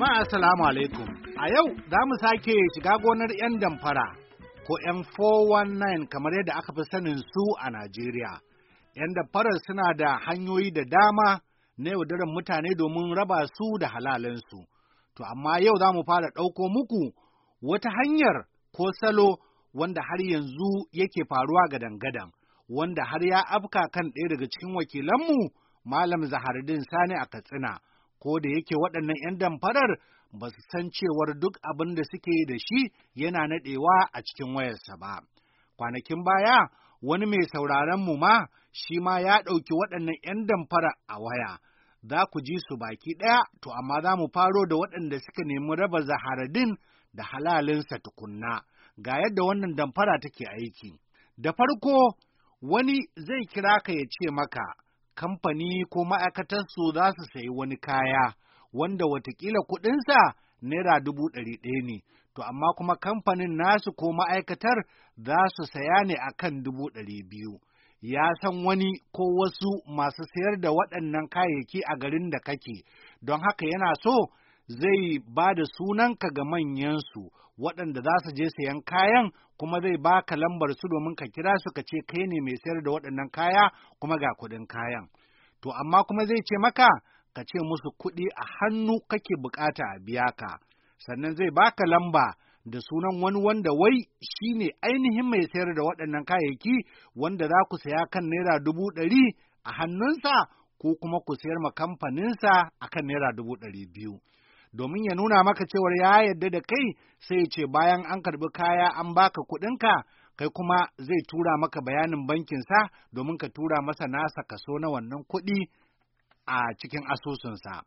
Jama'a Assalamu alaikum. A yau za mu sake shiga gonar 'yan damfara ko 'yan 419 kamar yadda aka fi sanin su a Najeriya. 'Yan damfarar suna da hanyoyi da dama na yaudarar mutane domin raba su da halalansu. To amma yau za mu fara ɗauko muku wata hanyar ko salo wanda har yanzu yake faruwa ga dangadan, wanda har ya afka kan ɗaya daga cikin wakilanmu Malam Zahardin Sani a Katsina. ko da yake waɗannan 'yan damfarar ba su san cewar duk abin da suke da shi yana naɗewa a cikin wayarsa ba. Kwanakin baya, wani mai sauraron mu ma shi ma ya ɗauki waɗannan 'yan damfara a waya. Za ku ji su baki ɗaya, to amma za mu faro da waɗanda suka nemi raba zaharadin da halalinsa tukunna. Ga yadda wannan damfara take aiki. Da farko, wani zai kira ka ya ce maka, kamfani ko ma'aikatarsu za su sayi wani kaya wanda watakila kuɗinsa naira dubu ɗari ɗaya ne, to amma kuma kamfanin nasu ko ma'aikatar za su saya ne a kan dubu ɗari biyu. Ya san wani ko wasu masu sayar da waɗannan kayayyaki a garin da kake, don haka yana so zai ba da sunanka ga manyansu waɗanda za su je sayan kayan kuma zai ba ka lambar su domin ka kira su ka ce kai ne mai sayar da waɗannan kaya kuma ga kuɗin kayan. To amma kuma zai ce maka ka ce musu kuɗi a hannu kake bukata a biya ka, sannan zai baka lamba da sunan wani wanda wai shi ne ainihin mai sayar da waɗannan kayayyaki wanda za ku saya kan naira dubu ɗari a hannunsa ko kuma ku sayar ma kamfaninsa a kan naira dubu ɗari biyu. domin ya nuna maka cewar ya yarda da kai sai ya ce bayan an karbi kaya an baka kuɗinka kai kuma zai tura maka bayanin bankinsa domin ka tura masa nasa kaso na wannan kuɗi a cikin asusunsa.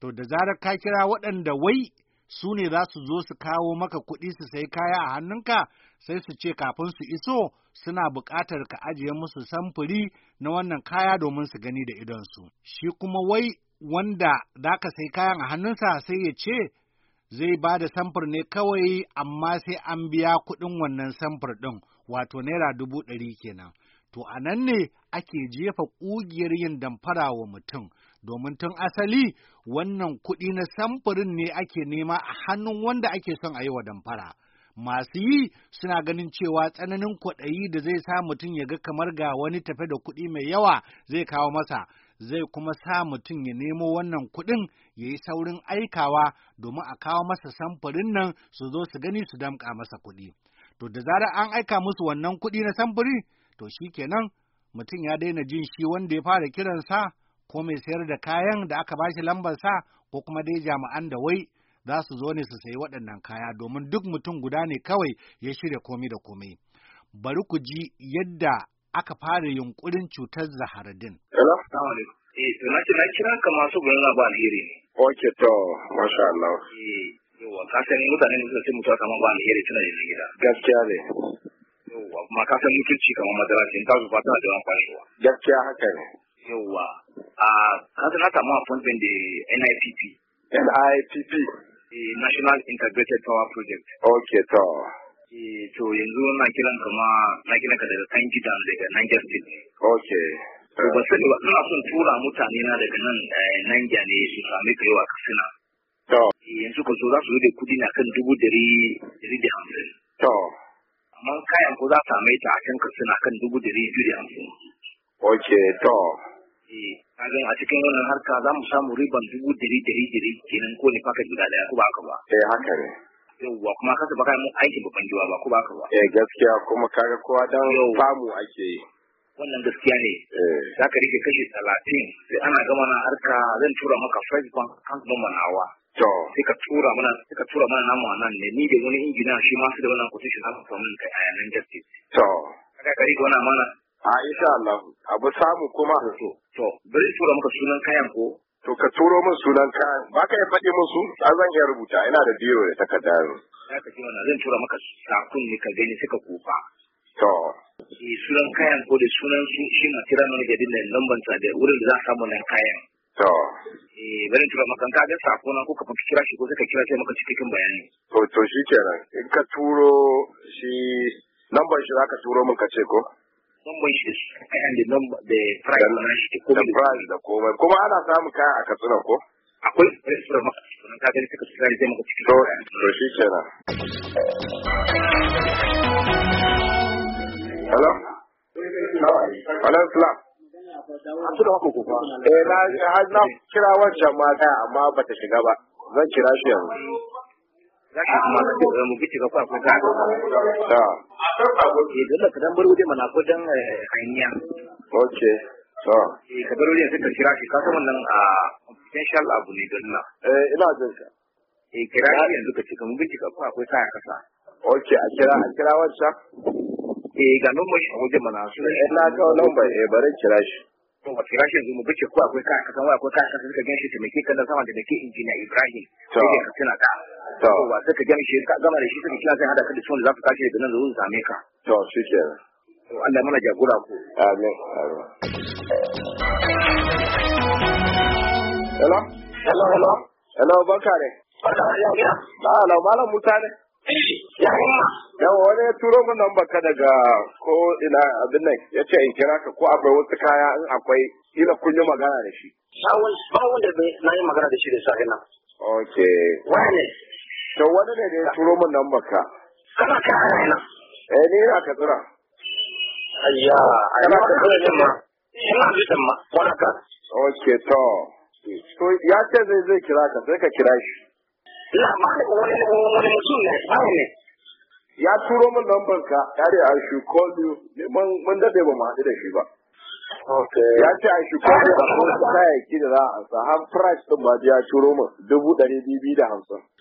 To da zarar ka kira waɗanda wai su ne za su zo su kawo maka kuɗi su sai kaya a hannunka sai su ce kafin su iso suna buƙatar ka ajiye musu samfuri na wannan kaya domin su gani da idonsu. Shi kuma wai wanda za ka sai kayan a hannunsa sai ya ce zai ba da samfur ne kawai amma sai an biya kuɗin wannan samfur ɗin wato naira dubu ɗari kenan. To a nan ne ake jefa ƙugiyar yin damfara wa mutum domin tun asali wannan kuɗi na samfurin ne ake nema a hannun wanda ake son a yi wa damfara. masu yi suna ganin cewa tsananin kwaɗayi da zai sa mutum ya ga kamar ga wani tafe da kuɗi mai yawa zai kawo masa zai kuma sa mutum ya nemo wannan kuɗin ya yi saurin aikawa domin a kawo masa samfurin nan su zo su gani su damƙa masa kuɗi. To da zarar an aika musu wannan kuɗi na samfuri, to shi kenan mutum ya daina jin shi wanda ya fara kiransa ko mai sayar da kayan da aka bashi sa ko kuma dai jami'an da wai za su zo ne su sayi waɗannan kaya domin duk mutum guda ne kawai ya shirya komai da komai. Bari ku ji yadda aka fara yunkurin cutar zaharadin. Eh, na kira ka masu gudun na ba alheri ne. Ok to, masha Allah. Eh, Yawwa, ka sani mutane ne suka ce mutuwa kamar ba alheri tana yin gida. Gaskiya ne. Yawwa, kuma ka san mutunci kamar madara ce, ta zuba ta da wani kwashewa. Gaskiya haka ne. Yawwa, a ka san na samu appointment da NIPP. NIPP. National Integrated Power Project. Ok, to. E, to yanzu na kiran kama na kiran ka daga kan gidan daga Niger State. Ok. To ba sani ba ina son tura mutane na daga nan eh, Niger ne su sami ka kasina. To. E, yanzu ko so za su yi da kudi na kan dubu dari dari da hamsin. To. Amma kayan ko za su same ta a can kasina kan dubu dari biyu da hamsin. Ok, to. Eh, Kazan a cikin wannan harka za mu samu riban dubu dari dari dari kenan ko ne fakat guda daya ko ba haka ba. Eh haka ne. yauwa kuma ka saba kayan aikin babban jiwa ba ko ba haka ba. Eh gaskiya kuma kaga kowa dan famu ake yi. Wannan gaskiya ne. Eh. Za ka rike kashi talatin sai ana gama na harka zan tura maka first bank kan kuma manawa. To. Sai ka tura mana sai ka tura mana namu a nan ne ni da wani injiniya shi ma su da wannan kuɗin shi za su samu kai a yanan justice. To. Kaga ka rike wannan mana A insha Allah abu samu kuma. To to bari tura maka sunan kayan ko. To ka turo min sunan kayan ba ka yi faɗi musu a zan iya rubuta ina da biyo da takarda. Za ka ji wannan zan tura maka sakun ne ka gani suka kofa. To. Eh, sunan kayan ko da sunan su shi na kira mana gadin da lamban sa da wurin da za a samu nan kayan. To. Eh bari tura maka ka ga sako na ko ka fita kira shi ko sai ka kira sai maka cikin bayani. To to shi kenan in ka turo shi lamban shi za ka turo min ka ce ko. numban shi da the price da price da komai kuma ana samun kaya a katsina ko akwai restaurant maka ka maka cikin to shi kenan hello hello salam kuma. Eh na har na kira wancan mata amma bata shiga ba. Zan kira shi yanzu. Zaka kuma mu bi ko Eh, dole ka dan bar waje mana ko dan eh, hanya okay to eh ka waje sai ka kira shi ka san wannan a ah, potential abu ne don nan eh ina jin ka eh kira shi yanzu ka akwai kasa okay a kira a kira eh ga shi waje mana su eh na number eh kira shi to ko akwai ka kasa suka gan shi sama da ke injiniya Ibrahim ka tuna ka to wa suka gami shi ka gama da shi suka kira sai hada ka da ciwon da za ka tashi daga nan zuwa same ka to shi ke Allah mana jagora ku amin hello hello hello hello bakare b'a ah, malam musa ne yawa wani ya turo min nan baka daga ko ina abin nan ya ce in kira ka ko akwai wasu kaya in akwai ina kun yi magana da shi. Sawun da na yi magana da shi da safe nan. Ok. Wane? to wani ne da ya turo min nan baka kana ka hana eh ni ina ka tura. ayya ina ka tura ne ma ina jin ma wala ka okay to to ya ce zai zai kira ka sai ka kira shi ina ma wani wani mutum ne ba ne ya turo min nan baka, yare a shi call you mun mun dade ba ma da shi ba Okay. ya ce a shi call you a kuma a sa har price din ma ya turo min dubu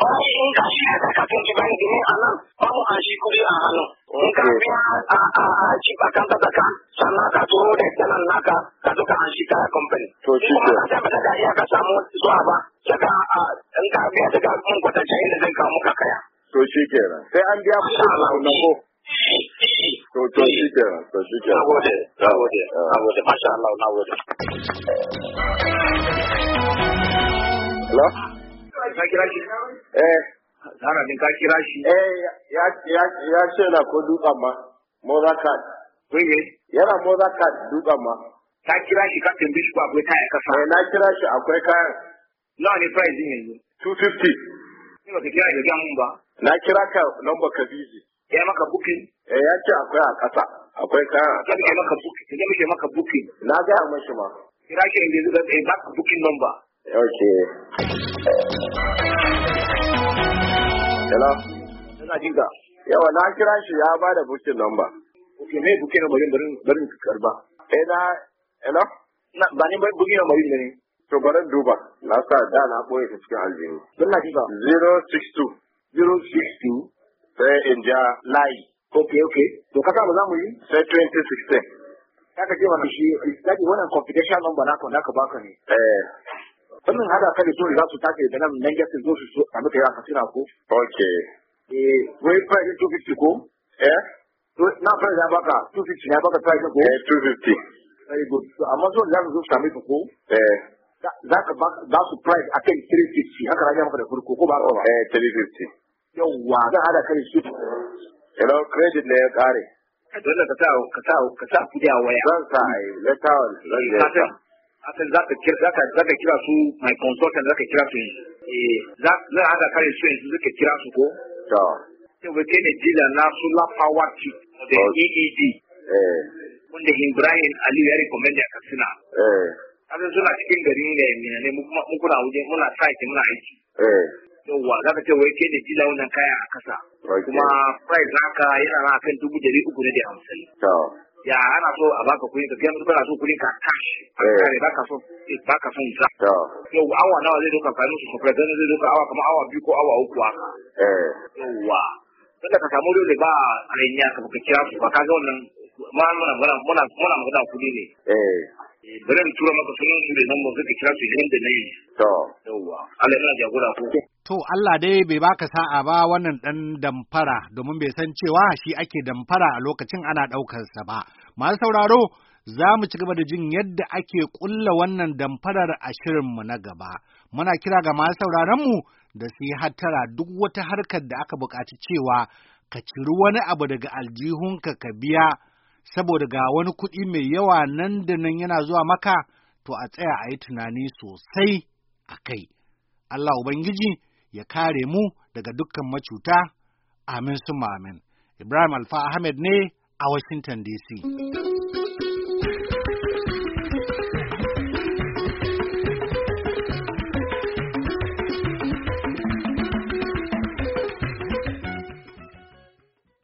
wani in ga shi da ka tunci bayan gini a nan ba mu an shi a hannu in ka biya a ci kan sannan ka turo da dalan naka ka duka an shi kaya to shi ke kuma ka iya ka samu zuwa ba daga in ka biya daga mun kwatanta inda zan kawo muka kaya. to shi ke sai an biya na ko. to to shi ke to shi ke. na gode na gode na gode masha Allah na gode. Hello? ka kira shi eh sana din ka kira shi eh ya ya ya ce na ko duka ma moza card kuye yana moza card duka ma ka kira shi ka tambaye shi ko akwai kaya kasa eh na kira shi akwai kaya nawa ne price din yanzu 250 ni ba ka kira da gamun ba na kira ka number ka busy ya maka booking eh ya ce akwai a kasa akwai kaya a kasa ya maka booking ya maka booking na ga mashi ma kira shi inda zai ba ka booking number Ok. Hello. Ina jin Yawa na kira shi ya ba da bukin namba. Ok, me bukin namba yin barin barin karba. Eh na hello? Na ba ni barin bukin namba yin ne. To barin duba. Na sa da na boye ta cikin aljihu. Ina jin 062 062 sai in ja layi. Ok, ok. To kasa ba za mu yi? Sai 2016. Kaka ce mana shi, wannan confidential number naka naka baka ne. Eh. sannan hada ka da za su take da nan nan gasin zo su a muka yi ko. ok. eh wai price two fifty ko. eh. na price ya baka two fifty ya baka price ko. eh two very good amma so da zo su ka ko. eh. za ka ba su price akan three fifty haka rage maka da furko ko ba ka ba. eh three yawwa zan hada ka da su. hello credit ne ya dole ka sa ka sa ka a waya. zan sa eh, akan zaka kira zaka zaka kira su my consultant zaka kira su eh za za hada kare su yanzu zaka kira su ko to sai wake ne dila na su la power chip the EED eh wanda Ibrahim Ali ya recommend ya kasina eh azan suna cikin gari ne ne ne mu kuma mun kuna wuje muna site muna aiki eh yawwa za ka ce wai ke da dila wannan kaya a kasa kuma price naka yana na kan dubu dari uku ne da hamsin ya ana so a baka kuɗi ka biya musu kana so kuɗi ka cash eh. kare baka so eh, baka son za yau awa nawa zai doka kayan su sofra ganin zai doka awa kamar awa biyu ko awa uku haka eh. yauwa tunda ka samu dole ba renya ka baka kira su ba ka ga wannan ma muna muna muna muna magana kuɗi ne bari in tura maka sunan su da nan mu suka kira su idan da nayi to yauwa Allah yana jagora ko To Allah dai bai baka sa'a ba wannan ɗan damfara domin bai san cewa shi ake damfara a lokacin ana ɗaukarsa ba. Masu sauraro za mu ci gaba da jin yadda ake ƙulla wannan damfarar a shirinmu na gaba. Muna kira ga masu sauraronmu da su yi hattara duk wata harkar da aka buƙaci cewa ka ciri wani abu daga aljihunka ka biya saboda ga wani kuɗi mai yawa nan da nan yana zuwa maka to a tsaya a yi tunani sosai a kai. Allah Ubangiji. ya kare mu daga dukkan macuta amin suma amin ibrahim alfa ahmed ne a washington dc